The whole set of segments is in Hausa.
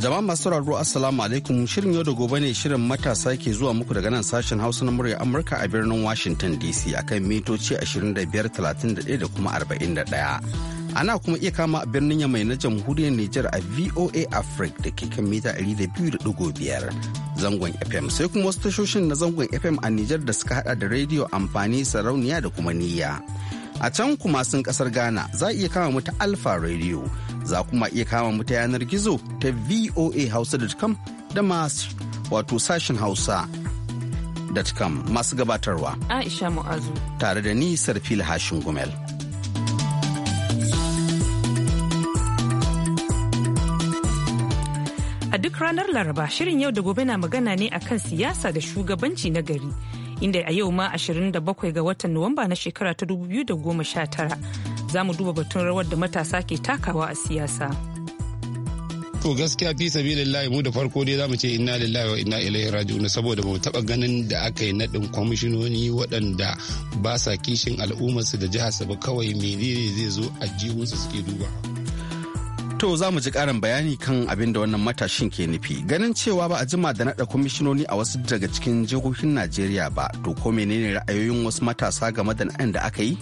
Jama'a masu sauraro Assalamu alaikum shirin yau da gobe ne shirin matasa ke zuwa muku daga nan sashen Hausa na murya Amurka a birnin Washington DC akan mitoci 2531 da kuma 41. Ana kuma iya kama a birnin Yamai na jamhuriyar Nijar a VOA Africa da ke kan mita 200.5 zangon FM sai kuma wasu tashoshin na zangon FM a Nijar da suka hada da rediyo amfani sarauniya da kuma niyya. A can kuma sun kasar Ghana za a iya kama mu ta Alpha Radio. za kuma iya kama mu ta yanar gizo ta voahausa.com da masu wato sashen hausa.com masu gabatarwa. Aisha Mu'azu. Tare da ni Sarfil Hashin Gumel. A duk ranar Laraba shirin yau da gobe na magana ne akan siyasa da shugabanci na gari. Inda a yau ma 27 ga watan Nuwamba na shekara ta 2019 za mu duba batun rawar da matasa ke takawa a siyasa. To gaskiya fi sabilillahi mu da farko dai zamu ce inna lillahi wa inna ilaihi raji'un saboda mu taba ganin da aka yi nadin kwamishinoni waɗanda ba sa kishin al'ummarsu da jihar ba kawai menene zai zo a jihunsu suke duba. To za mu ji ƙarin bayani kan abin da wannan matashin ke nufi ganin cewa ba a jima da naɗa kwamishinoni a wasu daga cikin jihohin Najeriya ba to ko menene ra'ayoyin wasu matasa game da naɗin da aka yi?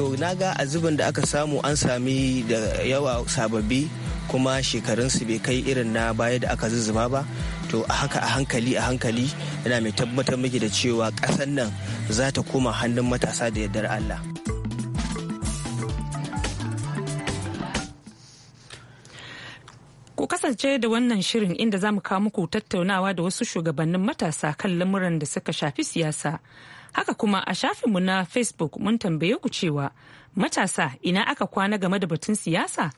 to na ga a zubin da aka samu an sami da yawa sababbi kuma shekarunsu bai kai irin na baya da aka zuzzuba ba to a haka a hankali a hankali yana mai tabbatar miki da cewa ƙasar nan za ta koma hannun matasa da yardar Allah. Ku kasance da wannan shirin inda zamu kawo muku tattaunawa da wasu shugabannin matasa kan lamuran da suka shafi siyasa. Haka kuma a shafinmu na Facebook mun tambaye ku cewa matasa ina aka kwana game da batun siyasa?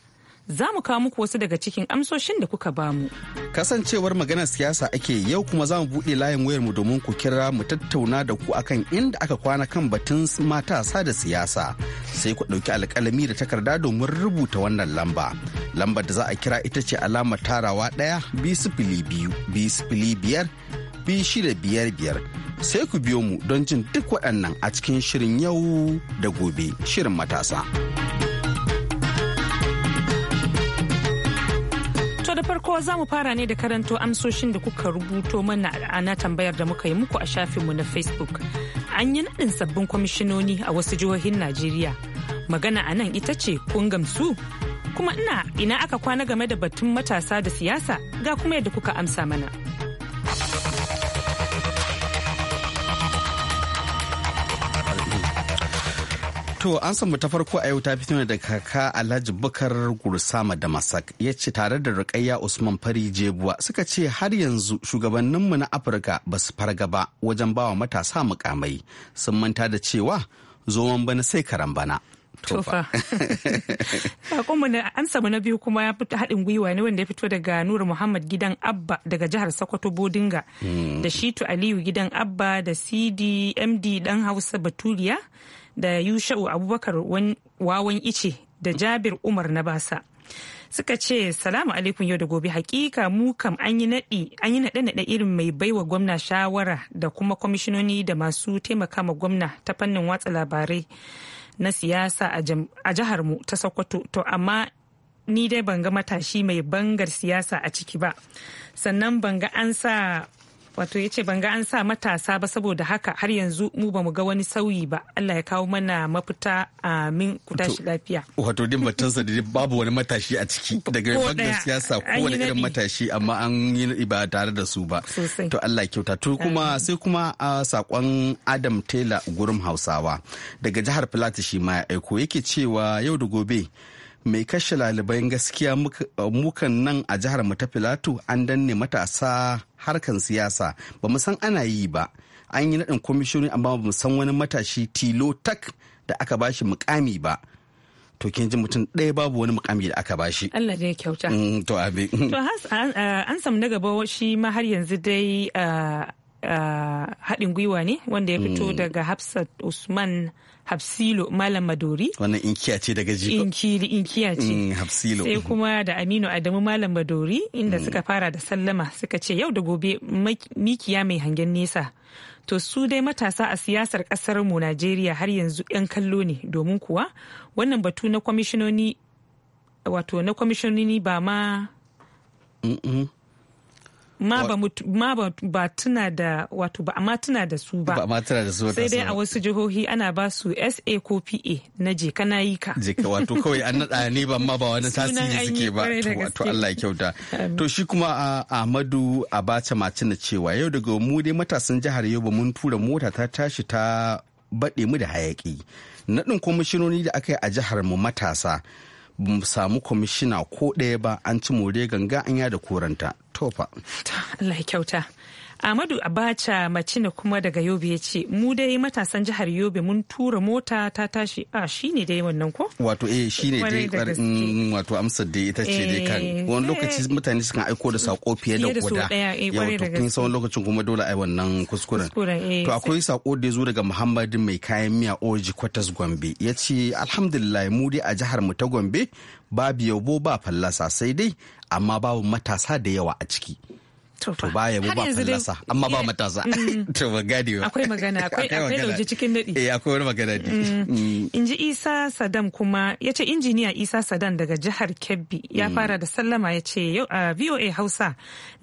Za mu kawo muku wasu daga cikin amsoshin da kuka ba mu. Kasancewar maganar siyasa ake yau kuma za mu buɗe layin wayarmu domin ku kira mu tattauna da ku akan inda aka kwana kan batun matasa da siyasa. Sai ku ɗauki alƙalami da takarda domin rubuta wannan lamba. Lambar da za a kira ita ce alamar tarawa ɗaya biyu sifili biyu biyu sifili biyar biyu shida biyar biyar. sai ku biyo mu don jin duk waɗannan a cikin shirin yau da gobe shirin matasa. To da farko za mu fara ne da karanto amsoshin da kuka rubuto mana ana tambayar da muka yi muku a shafinmu na Facebook. An yi naɗin sabbin kwamishinoni a wasu jihohin Najeriya. Magana a nan ita ce kun gamsu? Kuma ina ina aka kwana game da batun matasa da siyasa ga kuma yadda kuka amsa mana. To an samu ta farko a yau ta fito ne da kaka Alhaji Bukar Gursama da Masak ya ce tare da Rukayya Usman Fari Jebuwa suka ce har yanzu shugabanninmu na Afirka ba su farga ba wajen bawa matasa mukamai sun manta da cewa zoman bana sai karan bana. tofa sakonmu na ansa mu na biyu kuma ya fito haɗin gwiwa ne wanda ya fito daga nura muhammad gidan abba daga jihar sokoto bodinga hmm. da shitu aliyu gidan abba da cd md dan hausa baturiya da yusha'u abubakar wawan ice da jabir umar na basa suka ce salamu alaikum yau da gobe hakika mu kam an yi naɗe-naɗe irin mai baiwa gwamna shawara da kuma kwamishinoni da masu taimaka ma gwamna ta fannin watsa labarai na siyasa a jihar mu ta sokoto to amma ni dai ban ga matashi mai bangar siyasa a ciki ba sannan ban ga an sa wato ya ce banga an sa matasa ba saboda haka har yanzu mu ba mu ga wani sauyi ba Allah ya kawo mana mafita amin ku tashi lafiya wato din sa da babu wani matashi a ciki daga bangar siyasa ko wani irin matashi amma an yi ba tare da su ba to Allah kyauta to kuma sai kuma a sakon Adam Taylor gurum Hausawa daga jihar Plateau shi ma ya aiko yake cewa yau da gobe mai kashe laliban gaskiya mukan nan a jihar mu ta filato an danne matasa harkan siyasa ba mu san ana yi ba an yi naɗin kwamishoni amma ba mu san wani matashi tilo tak da aka bashi mukami ba to kin ji mutum ɗaya babu wani mukami da aka bashi. Allah da kyauta. Mm, to abi. To eh, an samu na gaba shi ma har yanzu dai eh, Eh, haɗin gwiwa ne wanda ya fito mm. daga Hafsat Usman Hafsilo Malam Madori. Wannan inkiya ce daga jiko. Inkili inkiya ce. Mm, Hafsilo. Sai kuma mm-hmm. da Aminu Adamu Malam Madori inda mm. suka fara da sallama suka ce yau da gobe mikiya mai hangen nesa. To su dai matasa a siyasar kasar mu Najeriya har yanzu 'yan kallo ne domin kuwa wannan batu na kwamishinoni wato na kwamishinoni ba ma mm-hmm. ma ba ba tuna da wato ba amma tuna da su ba amma tuna da su sai dai a wasu jihohi ana ba su SA ko PA na je kana yi ka je ka wato kawai an nada ne ba ma ba wani tasiri suke ba wato Allah ya kyauta to shi kuma Ahmadu Abacha na cewa yau daga mu dai matasan jihar Yobe mun tura mota ta tashi ta bade mu da hayaki naɗin kwamishinoni da aka yi a jihar mu matasa ba mu samu kwamishina ko ɗaya ba an ci more ganga an yada koranta tofa Allah ya kyauta Ahmadu Abacha Macina kuma daga Yobe ya ce mu dai matasan jihar Yobe mun tura mota ta tashi a ne dai wannan ko? Wato eh ne dai mm, wato amsar dai ita ce dai kan eh, wani eh. lokaci mutane sukan aiko da sako fiye da guda. Eh, Yau to kin san lokacin kuma dole ai wannan kuskuren. To akwai sako da ya zo daga Muhammad mai kayan miya Oji Kwatas Gombe ya ce alhamdulillah mu dai a jihar mu ta Gombe babu yabo ba fallasa sai dai amma babu matasa da yawa a ciki. to ba ya ba fallasa amma ba eh, matasa mm. to ba gadi ba akwai magana akwai lauje cikin daɗi eh akwai wani magana ne mm. mm. in ji isa sadam kuma ya ce injiniya isa sadam daga jihar kebbi ya fara da sallama ya ce voa hausa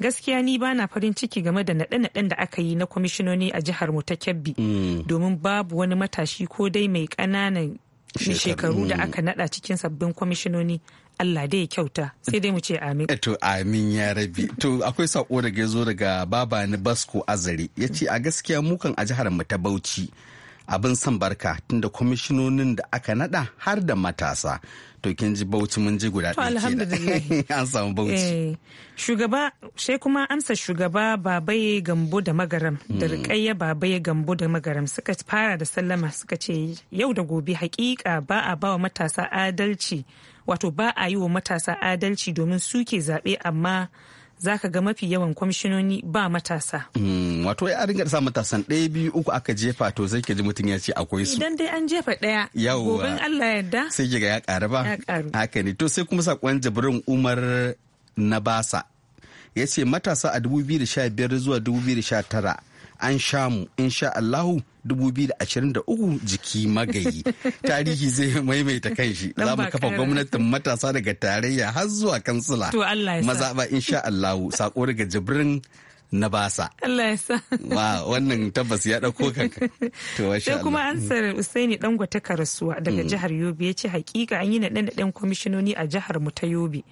gaskiya ni ba na farin ciki game da naɗe-naɗen da aka yi na kwamishinoni a jihar mu ta kebbi domin babu wani matashi ko dai mai ƙananan shekaru da aka nada cikin sabbin kwamishinoni Allah dai kyauta sai dai mu ce amin. Eh, to amin ya rabi. To akwai sako daga zo daga baba ni basko azare ya ce a gaskiya mukan a jihar mu ta Bauchi abin san barka tunda kwamishinonin da aka nada har da matasa to kin ji bauchi mun ji guda ɗaya alhamdulillah an samu bauchi eh, shugaba sai kuma amsa shugaba babaye gambo da magaram da hmm. rikayya babaye gambo da magaram suka fara da sallama suka ce yau da gobe hakika ba a ba wa matasa adalci wato ba a yi wa matasa adalci domin suke zaɓe amma za ka ga mafi yawan kwamishinoni ba matasa. Hmm, wato ya ringa sa matasan ɗaya biyu uku aka jefa to sai ke ji mutum ya ce akwai su. Idan dai an jefa ɗaya. Yawwa. Gobin Allah yadda. Sai ke ga ya ƙaru ba. Ya ƙaru. Haka ne to sai kuma saƙon jibrin Umar na basa. Ya ce matasa a biyar zuwa tara an sha mu insha Allahu 2023 jiki magayi tarihi zai maimaita kanshi za mu kafa gwamnatin matasa daga tarayya har zuwa kansila mazaɓa insha Allahu sako daga jibrin na basa. Allah ya sa. Wa wannan tabbas ya dauko kanka. To Sai kuma ansar Usaini Dangote Karasuwa daga mm. jihar Yobe yace haƙiƙa hakika an yi naɗe naɗen kwamishinoni a jihar mu ta Yobe.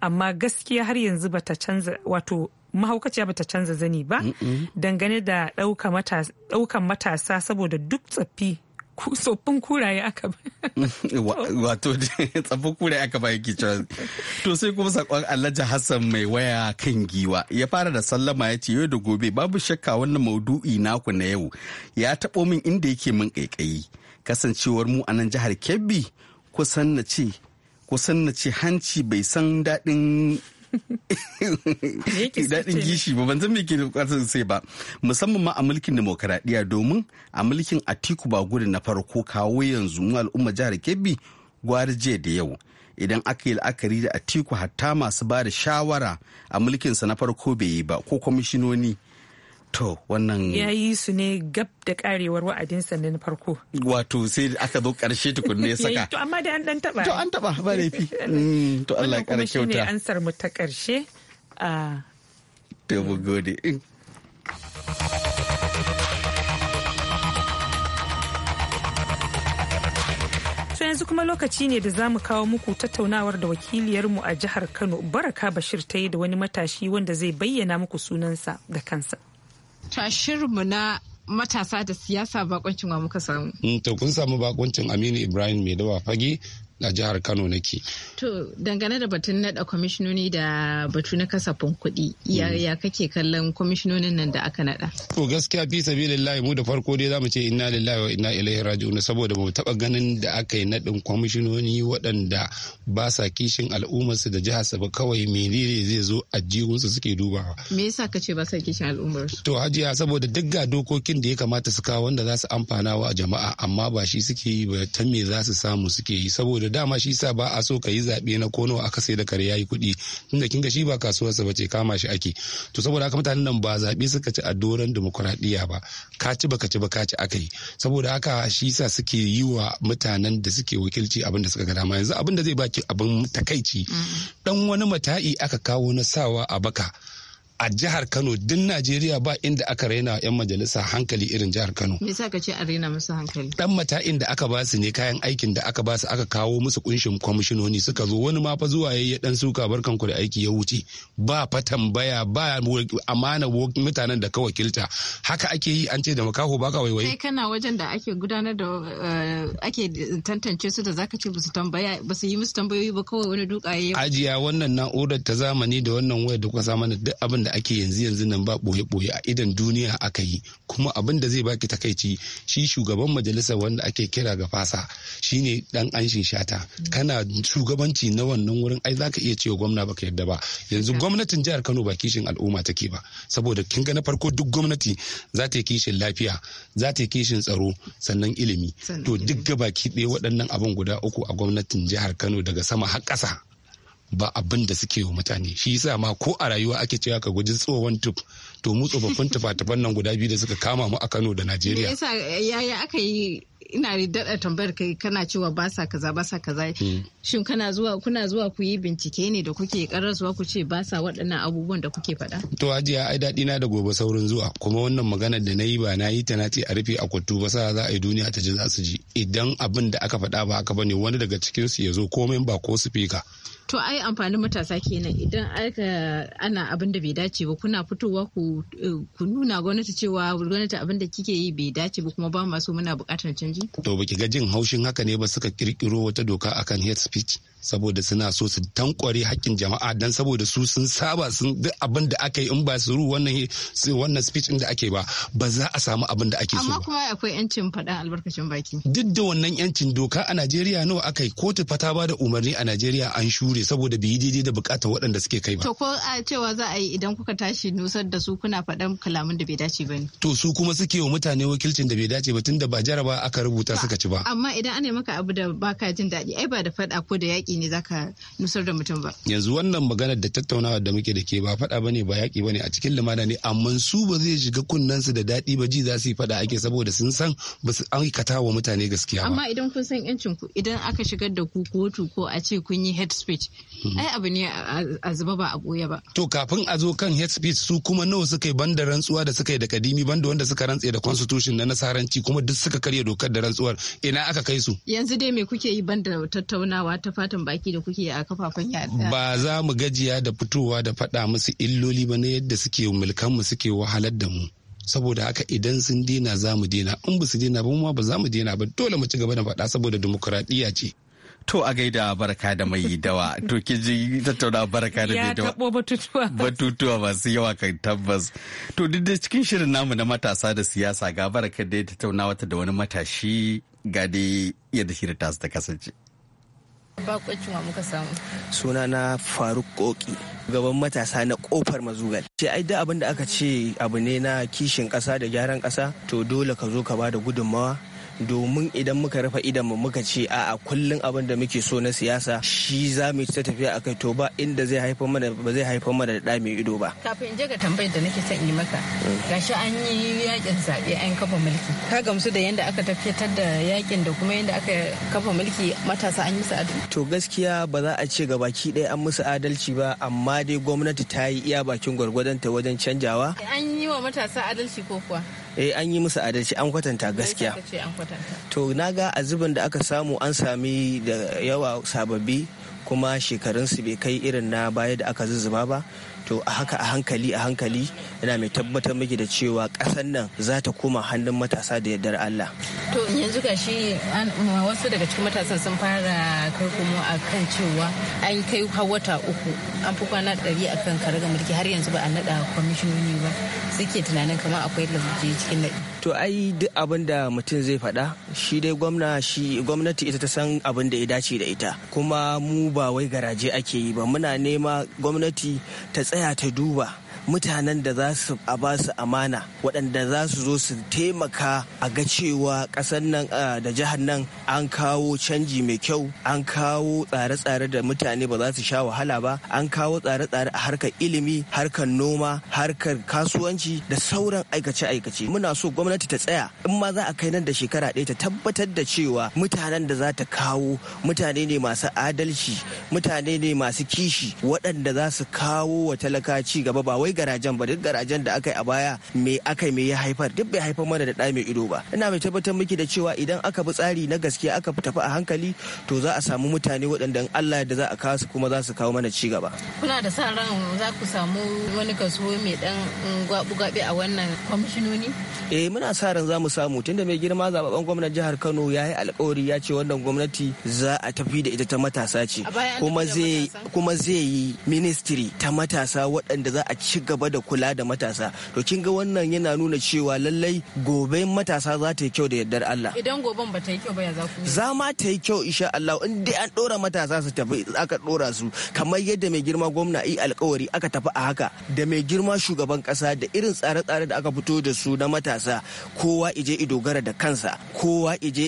Amma gaskiya har yanzu bata canza wato mahaukaciya bata canza zani ba dangane da ɗaukan matasa saboda duk tsaffi tsoffin kuraye aka ba. Wato tsoffin kuraye aka ba yake cewa. To sai kuma sakon Alhaji Hassan mai waya kan giwa ya fara da sallama ya ce yau da gobe babu shakka wannan maudu'i naku na yau ya taɓo min inda yake min ƙaiƙayi. Kasancewar mu a nan jihar Kebbi kusan na kusan na ce hanci bai san daɗin daɗin gishi ba ban san me ke bukatar sai ba musamman ma a mulkin demokaradiyya domin a mulkin atiku ba gudu na farko kawo yanzu mu al'umma jihar kebbi gwari jiya da yau idan aka yi la'akari da atiku hatta masu ba da shawara a mulkinsa na farko bai yi ba ko kwamishinoni To wannan ya yi su ne gab da karewar wa'adinsa na farko. Wato sai aka zo karshe tukunne ya saka. To amma da an dan taba. To an taba ba laifi. Mm, to Allah ya kara kyauta. Wannan kuma shine ansar mu ta karshe. To gode. Mm. To yanzu kuma lokaci ne da za mu kawo muku tattaunawar da wakiliyarmu a jihar Kano Baraka Bashir ta yi da wani matashi wanda zai bayyana muku sunansa da kansa. tashirmu mu na matasa da siyasa bakoncin wa muka samu. Mm, to kun samu bakoncin Aminu Ibrahim mai dawa fage a jihar Kano nake. To dangane da batun naɗa kwamishinoni da batu na kasafin kuɗi mm. ya kake kallon kwamishinonin nan da aka naɗa? To gaskiya fi sabilillahi mu da farko dai zamu ce inna lillahi wa inna ilaihi raji'un saboda mu taɓa ganin da aka yi naɗin kwamishinoni waɗanda ba sa kishin al'ummarsu da jihar ba kawai menene zai zo a su suke dubawa. Me yasa ka ce ba sa kishin su? To hajiya saboda duk ga dokokin da ya kamata su kawo wanda za su amfana wa jama'a amma ba shi suke yi ba ta me za su samu suke yi saboda dama shi sa ba a so ka yi zaɓe na kono aka sai da kare yayi kuɗi tunda kinga shi ba kasuwarsa bace kama shi ake to saboda haka mutanen nan ba zaɓe suka ci a doron demokuraɗiyya ba ka ci baka ci ba ka ci aka yi saboda haka shi sa suke yi wa mutanen da suke wakilci abin da suka ga dama yanzu abin da zai baki abin takaici dan mm. wani mata'i aka kawo na sawa a baka a jihar Kano duk Najeriya ba inda aka raina yan majalisa hankali irin jihar Kano. Me yasa ka ce a raina musu hankali? Dan mata inda aka ba su ne kayan aikin da aka ba su aka kawo musu kunshin kwamishinoni suka zo wani ma fa zuwa yayi dan suka barkan ku da aiki ya wuce ba fa tambaya ba amana mutanen da ka wakilta haka ake yi an ce da makaho baka waiwai Kai kana wajen da ake gudanar da eh, ake tantance su da zaka ce ba su tambaya ba su yi musu tambayoyi ba kawai wani duka ya. Ajiya wannan na'urar ta zamani da wannan wayar da kwasa mana duk abin da ake yanzu yanzu nan ba boye-boye a idan duniya aka yi kuma abin da zai baki takaici shi shugaban majalisar wanda ake kira ga fasa shine dan anshin shata kana shugabanci na wannan wurin ai zaka iya cewa gwamna baka yadda ba yanzu gwamnatin jihar Kano ba kishin al'umma take ba saboda kin ga na farko duk gwamnati za ta yi kishin lafiya za ta yi kishin tsaro sannan ilimi to duk gabaki ɗaya waɗannan abin guda uku a gwamnatin jihar Kano daga sama har ƙasa ba abin da suke wa mutane shi yasa ma ko a rayuwa ake cewa ka guji tsohon tuf to mu tsofaffin tufa-tufan nan guda biyu da suka kama mu a Kano da Najeriya. Me yasa yaya aka yi ina daɗa tambayar kai kana cewa ba sa kaza ba sa kaza shin kana zuwa kuna zuwa ku yi bincike ne da kuke karasuwa ku ce ba sa waɗannan abubuwan da kuke faɗa. to hajiya ai daɗi na da gobe saurin zuwa kuma wannan maganar da na yi ba na yi ta na ce a rufe a ba sa za a yi duniya ta ji za su ji idan abin da aka faɗa ba aka bane wani daga cikin su ya zo komai ba ko fika. to ai amfanin matasa kenan idan aka ana abin da bai dace ba kuna fitowa ku eh, nuna gwamnati cewa gwamnati abin da kike yi bai dace ba kuma ba masu muna bukatar canji To baki ga jin haushin haka ne ba suka kirkiro wata doka akan hate speech saboda suna so su tankware hakkin jama'a dan saboda su sun saba sun duk abin da aka yi in ba su wannan wannan speech din da ake ba ba za a samu abin da ake so ba amma kuma akwai yancin faɗa albarkacin baki duk da wannan yancin doka a Najeriya nawa aka yi kotu fata ba da umarni a Najeriya an shure saboda bai daidai da bukatar waɗanda suke kai ba to ko a cewa za a yi idan kuka tashi nusar da su kuna faɗan kalamin da bai dace ba ne to su kuma suke wa mutane wakilcin da bai dace ba tunda ba jaraba aka rubuta suka ci ba amma idan an ana maka abu da baka jin daɗi ai ba da faɗa ko da yaƙi yaƙi ne zaka nusar da mutum ba yanzu wannan maganar da tattaunawa da muke da ke ba faɗa bane ba yaƙi bane a cikin lumana ne amma su ba zai shiga kunnen su da daɗi ba ji za su yi faɗa ake saboda sun san ba su aikata wa mutane gaskiya ba amma idan kun san yancin ku idan aka shigar da ku kotu ko a ce kun yi head speech mhm. ai abu ne a zuba ba a ɓoye ba to kafin a zo kan head speech su kuma nawa suka yi banda rantsuwa da suka yi da kadimi banda wanda suka rantse da constitution na nasaranci kuma duk suka karya dokar da rantsuwar ina aka kai su yanzu dai me kuke yi banda tattaunawa ta fata baki da kuke a kafafen yaɗa. Ba za mu gajiya da fitowa da faɗa musu illoli ba na yadda suke mulkan mu suke wahalar da mu. Saboda haka idan sun dina za mu dina in ba su dina ba mu ba za mu dina ba dole mu ci gaba da faɗa saboda demokuraɗiyya ce. To a gaida barka da mai dawa to ki ji tattauna barka da mai dawa. Ya taɓo batutuwa. Batutuwa masu yawa kan tabbas. To duk da cikin shirin namu na matasa da siyasa ga barkar da ya tattauna wata da wani matashi ga dai yadda shi tasu ta kasance. Bakwacin wa muka samu. Suna na Faruk Koki, gaban matasa na kofar mazugal. Ce ai da abin da aka ce abu ne na kishin ƙasa da gyaran ƙasa, to dole ka zo ka ba da gudunmawa domin idan muka rufe idan mu muka ce a'a kullun abin da muke so na siyasa shi za mu ta tafiya a kai to ba inda zai haifar mana ba zai haifar mana da mai ido ba kafin je ga tambayar da nake son yi maka mm. gashi an yi yakin zabe an kafa mulki ka gamsu da yanda aka tafiyatar da yakin da kuma yanda aka kafa mulki matasa an yi musu adalci to gaskiya ba za a ce gabaki ɗaya an musu adalci ba amma dai gwamnati ta yi iya bakin gwargwadonta wajen canjawa an yi wa matasa adalci ko kuwa eh an yi musu adalci an kwatanta gaskiya to naga ga zubin da aka samu an sami da yawa sababbi kuma shekarunsu bai kai irin na baya da aka zuzzuba ba to a haka a hankali a hankali yana mai tabbatar miki da cewa ƙasar nan za ta koma hannun matasa da yardar Allah. To yanzu ga shi wasu daga cikin matasan sun fara kai kuma a kan cewa an kai wata uku an fi kwana ɗari a kan karagar mulki har yanzu ba a naɗa kwamishinoni ba suke tunanin kamar akwai lafiya cikin naɗi. to ai duk abin da mutum zai faɗa shi dai gwamna shi gwamnati ita ta san abin da ya dace da ita kuma mu ba wai garaje ake yi ba muna nema gwamnati ta tsaya ta duba mutanen da za su a ba su amana waɗanda za su zo su taimaka a ga cewa ƙasar nan da jihar nan an kawo canji mai kyau an kawo tsare-tsare da mutane ba za su sha wahala ba an kawo tsare-tsare a harkar ilimi harkar noma harkar kasuwanci da sauran aikace-aikace muna so gwamnati ta tsaya in ma za a kai nan da shekara ɗaya ta tabbatar da cewa mutanen da za ta kawo mutane ne masu adalci mutane ne masu kishi waɗanda za su kawo wa talaka ci gaba ba wai wai garajen ba duk garajen da aka yi a baya me aka me ya haifar duk bai haifar mana da ɗa mai ido ba ina mai tabbatar miki da cewa idan aka bi tsari na gaskiya aka tafi a hankali to za a samu mutane waɗanda Allah da za a kawo su kuma za su kawo mana ci gaba kuna da sa ran za ku samu wani kaso mai dan gwabi-gwabi a wannan kwamishinoni eh muna sa ran za mu samu tunda mai girma zababban gwamnatin jihar Kano ya yi alkawari ya ce wannan gwamnati za a tafi da ita ta matasa ce kuma zai yi ministry ta matasa waɗanda za a ci gaba da kula da matasa to kin ga wannan yana nuna cewa lallai gobe matasa za ta yi kyau da yardar Allah idan goben ba ta yi kyau ba ya za ku za ma ta yi kyau insha Allah in dai an dora matasa su tafi aka dora su kamar yadda mai girma gwamna yi alkawari aka tafi a haka da mai girma shugaban kasa da irin tsare-tsare da aka fito da su na matasa kowa ije i dogara da kansa kowa ije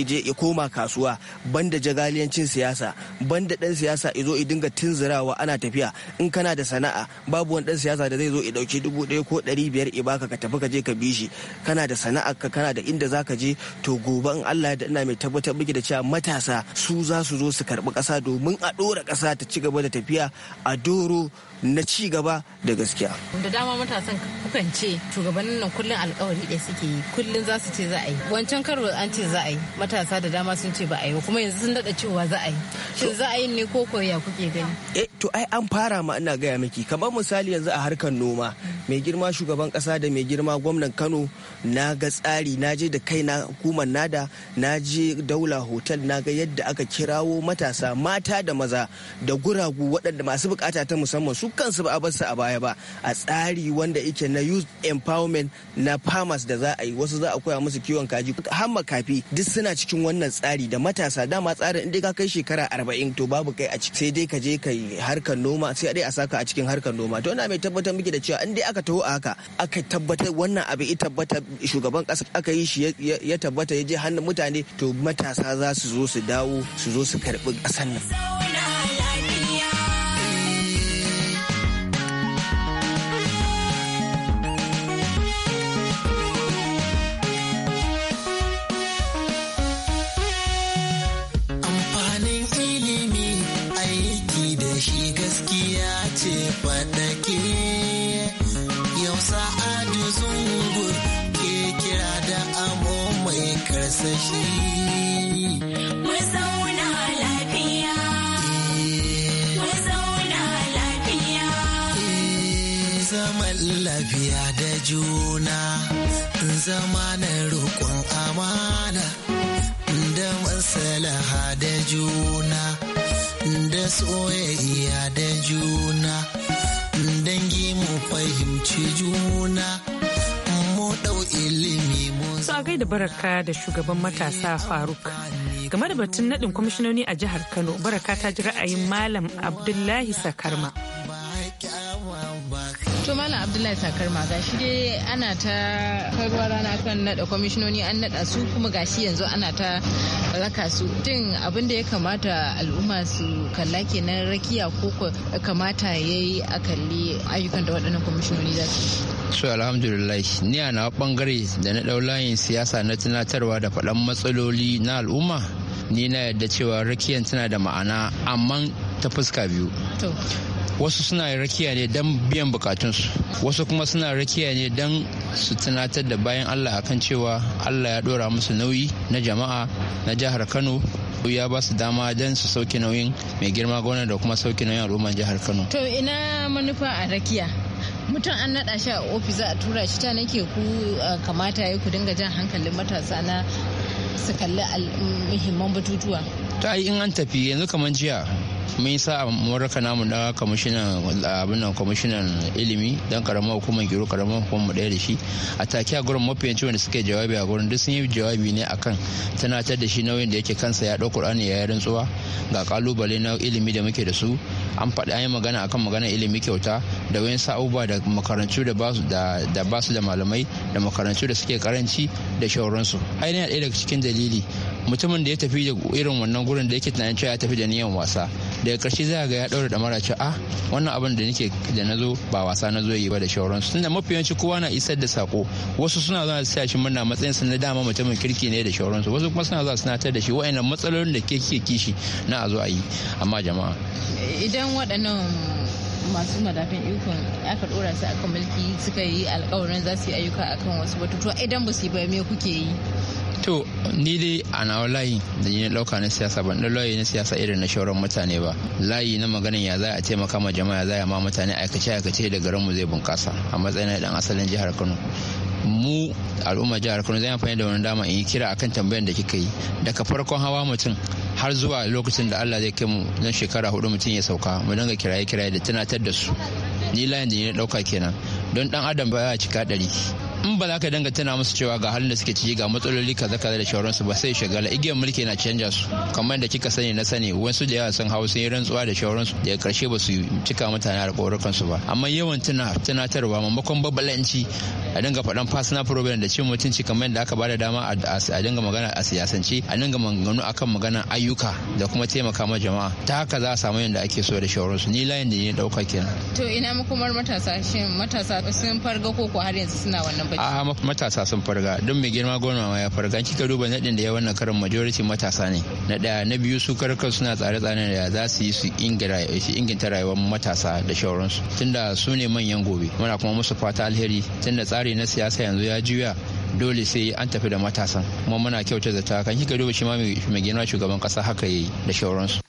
ije ya koma kasuwa banda jagaliyancin siyasa banda dan siyasa izo i dinga tunzurawa ana tafiya in kana da sana'a babu wani dan siyasa da zai zo ya dauki dubu ɗaya ko ɗari biyar ya baka ka tafi ka je ka bi kana da sana'ar ka kana da inda zaka je to gobe in Allah da ina mai tabbatar miki da cewa matasa su za su zo su karɓi ƙasa domin a ɗora kasa ta ci gaba da tafiya a doro na ci gaba da gaskiya. Da dama matasan kukan ce shugabannin nan kullum alkawari ɗaya suke yi kullum za su ce za a yi. Wancan karo an ce za a yi matasa da dama sun ce ba a yi kuma yanzu sun daɗa cewa za a yi. Shin za a yi ne ko koya kuke gani? Eh to ai an fara ma ina gaya miki kamar misali yanzu a harkar noma mai girma shugaban ƙasa da mai girma gwamnan Kano na ga tsari na je da kai na hukumar nada na je daula hotel na ga yadda aka kirawo matasa mata da maza da guragu waɗanda masu bukata ta musamman su su ba a bar a baya ba a tsari wanda yake na youth empowerment na farmers da za a yi wasu za a koya musu kiwon kaji har makafi duk suna cikin wannan tsari da matasa dama tsarin inda ka kai shekara arba'in to babu kai a ciki sai dai ka je ka yi harkar noma sai dai a saka a cikin harkar noma to ina mai tabbatar miki da cewa in dai aka taho a haka aka tabbatar wannan abu ya tabbata shugaban kasa aka yi shi ya tabbata ya je hannun mutane to matasa za su zo su dawo su zo su karbi kasan nan. ce faɗake yau sa'adu zungur ke kira da amo mai karsashi. Zaman lafiya da juna, zama na roƙon amana, da masalaha da juna. soyayya da juna dangi mu fahimci juna mu dau ilimi mu so gaida baraka da shugaban matasa faruk game da batun nadin kwamishinoni a jihar kano baraka ta ji ra'ayin malam abdullahi sakarma abdullahi takarma shi dai ana ta karwa rana kan nada kwamishinoni an nada su kuma gashi yanzu ana ta raka su din abin da ya kamata al'umma su kalla kenan rakiya ko kamata yayi a kalli ayyukan da waɗannan kwamishinoni za su su alhamdulillah ni a nawa bangare da na ɗau layin siyasa na tunatarwa da faɗan matsaloli na al'umma ni na yadda cewa rakiyan tana da ma'ana amma ta fuska biyu wasu suna rakiya ne don biyan bukatunsu wasu kuma suna rakiya ne don su tunatar da bayan allah akan cewa allah ya dora musu nauyi na jama'a na jihar kano ya ba su dama don su sauke nauyin mai girma gona da kuma sauke nauyin al'umman jihar kano to ina manufa a rakiya mutum an naɗa shi a ofis a tura shi ta nake ku kamata ya ku dinga jan hankalin matasa na su kalli muhimman batutuwa ta yi in an tafi yanzu kamar jiya mun sa a namu na kwamishinan abin kwamishinan ilimi don karamar hukumar giro karamar hukumar daya da shi a take a gurin yanci wanda suke jawabi a gurin duk sun yi jawabi ne akan tunatar da shi nauyin da yake kansa ya ɗau ani ya yi rantsuwa ga kalubale na ilimi da muke da su an faɗi an yi magana akan magana ilimi kyauta da wayan sa'uba da makarantu da basu da basu da malamai da makarantu da suke karanci da shauransu ainihin ɗaya daga cikin dalili mutumin da ya tafi da irin wannan gurin da yake tunanin cewa ya tafi da niyan wasa daga karshe za ga ya daura da mara cewa ah wannan abin da nake da nazo ba wasa zo yi ba da shauransu tunda mafi yawanci kowa na isar da sako wasu suna zuwa su shi murna matsayin su na dama mutumin kirki ne da shauransu wasu kuma suna zuwa suna tar da shi wa'annan matsalolin da ke kike kishi na a zo a yi amma jama'a idan waɗannan masu madafin ikon aka dora su akan mulki suka yi alkawarin za su yi ayyuka akan wasu batutuwa idan ba su yi ba me kuke yi to ni dai a nawa layi da ni na na siyasa ban dan layi na siyasa irin na shauran mutane ba layi na maganin ya za a taimaka ma jama'a za a ma mutane aikace aikace da garin mu zai bunkasa a matsayin dan asalin jihar Kano mu al'umma jihar Kano zai amfani da wani dama in yi kira akan tambayar da kika yi daga farkon hawa mutum har zuwa lokacin da Allah zai kai mu nan shekara hudu mutum ya sauka mu dinga kiraye kiraye da tunatar da su ni layin da ni na dauka kenan don dan adam ba ya cika dari in ba za ka danga tana musu cewa ga halin da suke ciki ga matsaloli kaza kaza da shauransu ba sai shagala igiyar mulki na canja su kamar da kika sani na sani wasu da yawa sun hawo sun yi rantsuwa da shauransu daga karshe ba su cika mutane da korukan su ba amma yawan tuna tunatarwa maimakon babbalanci a dinga faɗan personal problem da cin mutunci kamar da aka bada dama a dinga magana a siyasance a dinga maganganu akan magana ayyuka da kuma taimaka ma jama'a ta haka za a samu yadda ake so da shauransu ni layin da ne dauka kenan to ina makomar matasa shin matasa sun farga ko har yanzu suna wannan a matasa sun farga don mai girma ma ya farga an kika duba nadin da ya wannan karin majority matasa ne na daya na biyu su karkar suna tsare-tsare da za su yi su inganta rayuwar matasa da shauransu tunda su ne manyan gobe muna kuma musu fata alheri tunda tsari na siyasa yanzu ya juya dole sai an tafi da matasan kuma muna kyauta zata kan kika duba shi ma mai girma shugaban kasa haka yayi da shauransu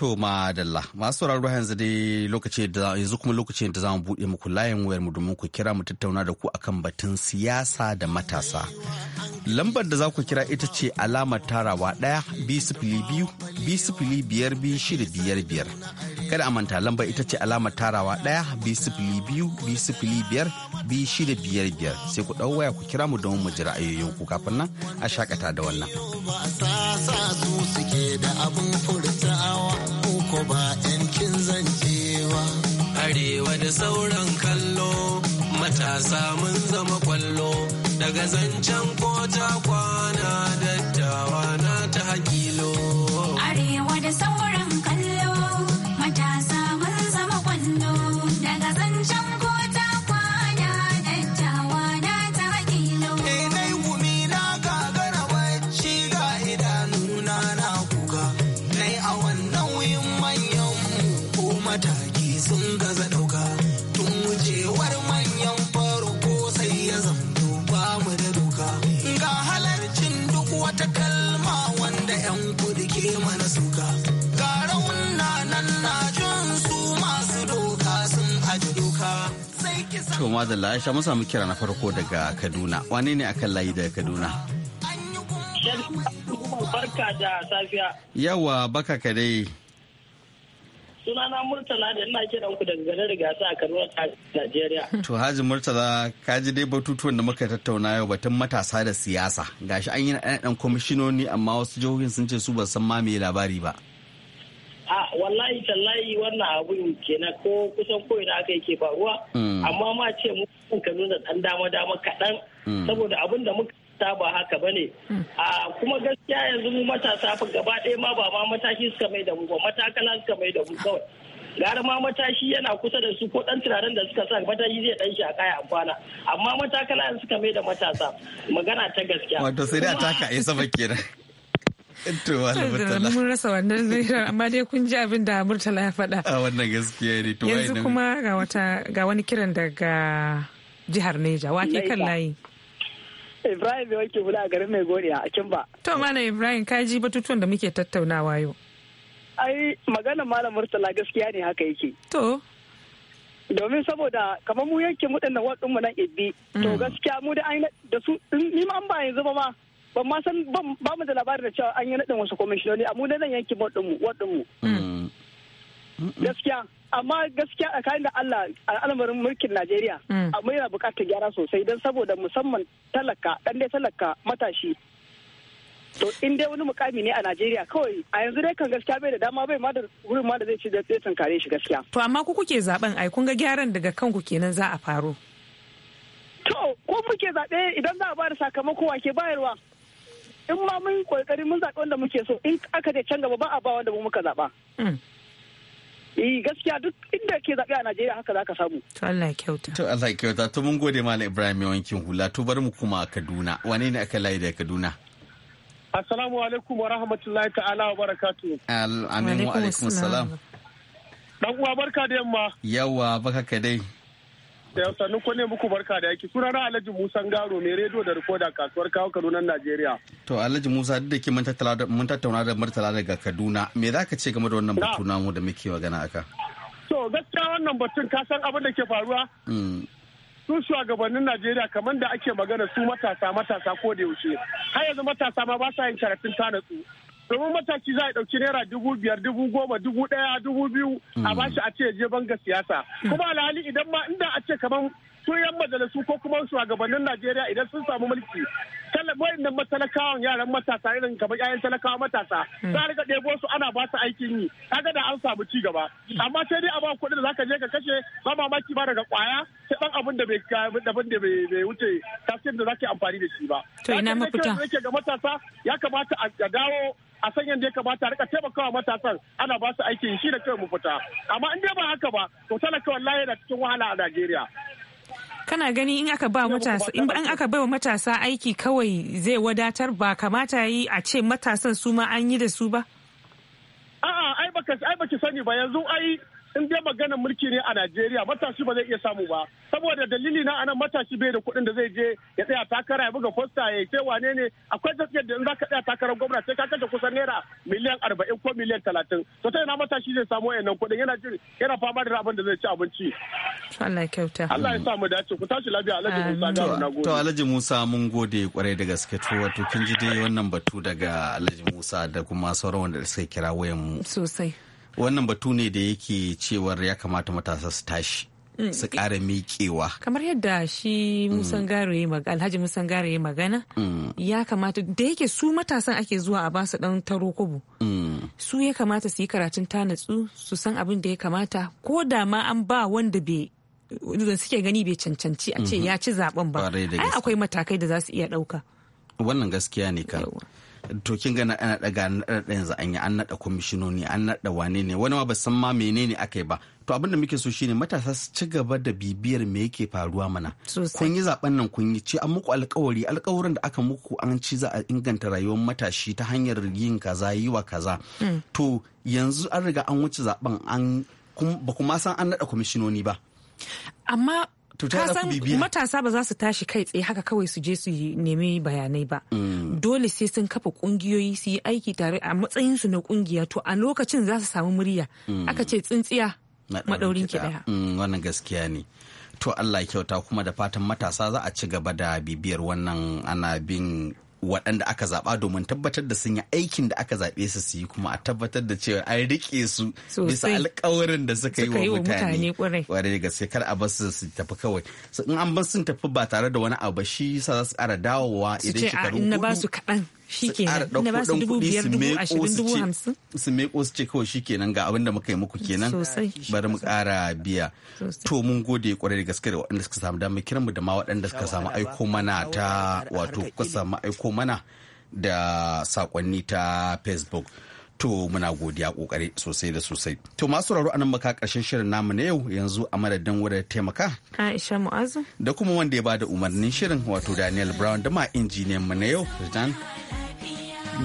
To madalla masu sauraro yanzu dai lokaci da yanzu kuma lokaci da zamu buɗe muku layin wayar mu domin ku kira mu tattauna da ku akan batun siyasa da matasa. Lambar da za ku kira ita ce alama tarawa ɗaya bi sifili biyu bi sifili biyar bi shida biyar biyar. Kada a manta lambar ita ce alama tarawa ɗaya bi sifili biyu bi sifili biyar bi shida biyar biyar sai ku ɗau waya ku kira mu domin mu ji ra'ayoyin ku kafin nan a shakata da wannan. Ba su suke da abun fure rawa ko ba yankin zancewa arewa da sauran kallo matasa mun zama kwallo daga zancen ko ta kwana dattawa madalla Aisha mun samu kira na farko daga Kaduna. Wane ne akan layi daga Kaduna? Barka da safiya. Yawa baka ka dai. Sunana Murtala da ina kiran ku daga garin rigasa a Kaduna ta Najeriya. To Haji Murtala ka ji dai batutuwan da muka tattauna yau batun matasa da siyasa. Gashi an yi na ɗan kwamishinoni amma wasu jihohin sun ce su ba san ma me labari ba. a wallahi tallahi wannan abun kenan ko kusan ko ina aka yake faruwa mm. amma ma ce mun ka nuna dan dama dama kaɗan mm. saboda abin da muka ta ba haka ba ne mm. a kuma gaskiya yanzu mu matasa fa gaba ɗaya ma ba ma mataki suka mai da mu ba matakala suka mai da mu kawai gara ma matashi yana kusa da su ko dan turaren da suka sa matashi zai dan shi a kaya amfana amma matakala suka mai da matasa magana ta gaskiya wato sai da taka sama kenan mun rasa wannan naira amma dai kun ji abin da murtala ya faɗa a wannan gaskiya ne yanzu kuma ga wata ga wani kiran daga jihar Neja wake kan layi Ibrahim ya wake a garin Mai Goriya a Kimba to malam Ibrahim ka ji batutuwan da muke tattaunawa yau ai magana malam murtala gaskiya ne haka yake to domin saboda kamar mu yanke mu dinnan waɗin mu nan ibbi to mm. gaskiya mu da da su ni ma an ba yanzu ba ma ban ma san ba mu da labarin da cewa an yi naɗin wasu kwamishinoni a mu na nan yankin mu. Gaskiya. amma gaskiya tsakanin da Allah al'amarin mulkin Najeriya mm. amma yana bukatar gyara sosai don saboda musamman talaka dan dai talaka matashi to in dai wani mukami ne a Najeriya kawai a yanzu dai kan gaskiya bai da dama bai ma da wurin ma da zai ci da zai tunkare shi gaskiya to amma ku kuke zaben ai kun ga gyaran daga kanku kenan za a faro to ko muke zabe idan za a bada sakamako wa ke bayarwa in ma mun kokari mun zaɓi wanda muke so in aka je can gaba ba a ba wanda mun muka zaɓa. Eh gaskiya duk inda ke zaɓe a Najeriya haka za ka samu. To Allah kyauta. To Allah kyauta to mun gode Malam Ibrahim yawancin hula to bari mu kuma a Kaduna wane ne aka layi da Kaduna? Assalamu alaikum wa rahmatullahi ta'ala wa barakatu. Amin wa alaikum salam. Dan uwa barka da yamma. Yawa baka ka dai. sannu ko kone muku barka da suna na alhaji musa garo mai rediyo da rikoda kasuwar kawo kaduna najeriya to alhaji musa duk da ke mun tattauna da murtala daga kaduna me za ka ce game da wannan batu namu da muke magana aka to gaskiya wannan batun ka san abin da ke faruwa mm. su shugabannin najeriya kamar da ake magana su matasa matasa ko da yaushe har yanzu matasa ma ba sa yin karatun tanatsu domin matashi za a ɗauki naira dubu biyar dubu goma dubu ɗaya dubu biyu a bashi a ce je banga siyasa kuma alhali idan ma inda a ce kamar su yan majalisu ko kuma shugabannin najeriya idan sun samu mulki wayannan matalakawan yaran matasa irin kamar yayan talakawa matasa za a riga ɗebo su ana ba su aikin yi kaga da an samu ci gaba amma sai dai a ba kuɗi da zaka je ka kashe ba mamaki ba daga kwaya sai dan abin da bai wuce tasirin da zaka yi amfani da shi ba to ina mafita ga matasa ya kamata a dawo a san yadda ya kamata a rika taimakawa matasan ana ba su aikin shi da kai mu fita amma in dai ba haka ba to talaka wallahi yana cikin wahala a Najeriya kana gani in aka ba matasa in an aka baiwa matasa aiki kawai zai wadatar ba kamata yi a ce matasan su ma an yi da su ba a'a ai baka ai baki sani ba yanzu ai in dai magana mulki ne a Najeriya matashi ba zai iya samu ba saboda dalili na anan matashi bai da kuɗin da zai je ya tsaya takara ya buga fosta ya ce wane ne akwai gaskiya da in zaka tsaya takarar gwamna sai ka kashe kusan naira miliyan arba'in ko miliyan talatin to ta ina matashi zai samu wayannan kuɗin yana jin yana fama da abin da zai ci abinci Allah ya kyauta Allah ya sa mu dace ku tashi lafiya Alhaji Musa ga na gode to Alhaji Musa mun gode kwarai da gaske to wato kin ji dai wannan batu daga Alhaji Musa da kuma sauran wanda suka kira wayan mu sosai wannan batu ne da yake cewar ya kamata matasa su tashi mm. su kara miƙewa. Kamar yadda shi mm. Musan Garo ya magana, Alhaji Musan Garo ya magana, ya kamata da yake su matasan ake zuwa a basu ɗan taro kobo. Mm. Su ya kamata su yi karatun tanatsu su san abin da ya kamata ko da ma an ba wanda be da suke gani bai cancanci a ce mm-hmm. ya ci zaben ba. akwai matakai da za su iya ɗauka. Wannan gaskiya ne ka. to kin ga ana daga an naɗa yanzu an yi an naɗa kwamishinoni an naɗa wane ne wani ma ba san ma menene aka yi ba to abinda muke so shine matasa su ci gaba da bibiyar me yake faruwa mana kun yi zaben nan kun yi ce an muku alkawari alkawarin da aka muku an ci za a inganta rayuwar matashi ta hanyar yin kaza yi wa kaza mm. to yanzu an riga an wuce zaben an ba kuma san an naɗa kwamishinoni ba amma kasan matasa ba za su tashi kai tsaye haka kawai su je su nemi bayanai ba mm. dole sai sun kafa kungiyoyi su yi aiki tare a matsayin su na kungiya to a lokacin za su samu murya mm. aka ce tsintsiya madaurin ki daya mm, wannan gaskiya ne to Allah kyauta kuma da fatan matasa za a ci gaba da bibiyar wannan ana bin waɗanda aka zaɓa domin tabbatar da sun yi aikin da aka zaɓe su su yi kuma a tabbatar da cewa an riƙe su bisa alƙawarin da suka yi wa mutane ƙwarai gaske kar a bar su su tafi kawai in an bar sun tafi ba tare da wani abu shi sa za su ƙara dawowa idan shekaru hudu shi ke ba su dubu biyar dubu meko su ce kawai shikenan ga abin da muka yi muku kenan bari mu kara biya to mun gode kwarai da gaske da waɗanda suka samu damar kiran mu da ma waɗanda suka samu aiko mana ta wato kuka samu aiko mana da sakonni ta facebook to muna godiya kokari sosai da sosai to masu raro anan maka karshen shirin namu na yau yanzu a madadin wurin taimaka aisha mu'azu da kuma wanda ya bada umarnin shirin wato daniel brown da ma injiniyan mu na yau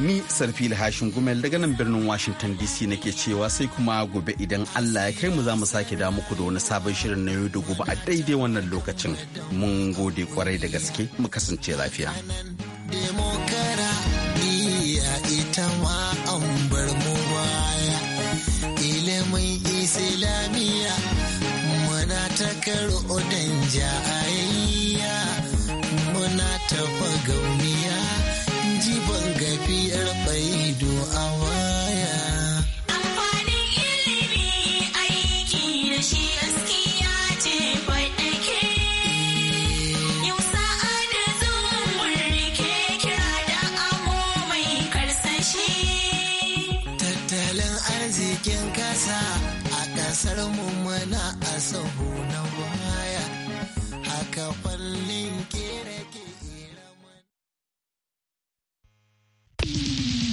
ni sarfi lahashin gumel daga nan birnin washington dc nake cewa sai kuma gobe idan allah ya kai mu za mu sake da muku da wani sabon shirin na yau da gobe a daidai wannan lokacin mun gode kwarai da gaske mu kasance lafiya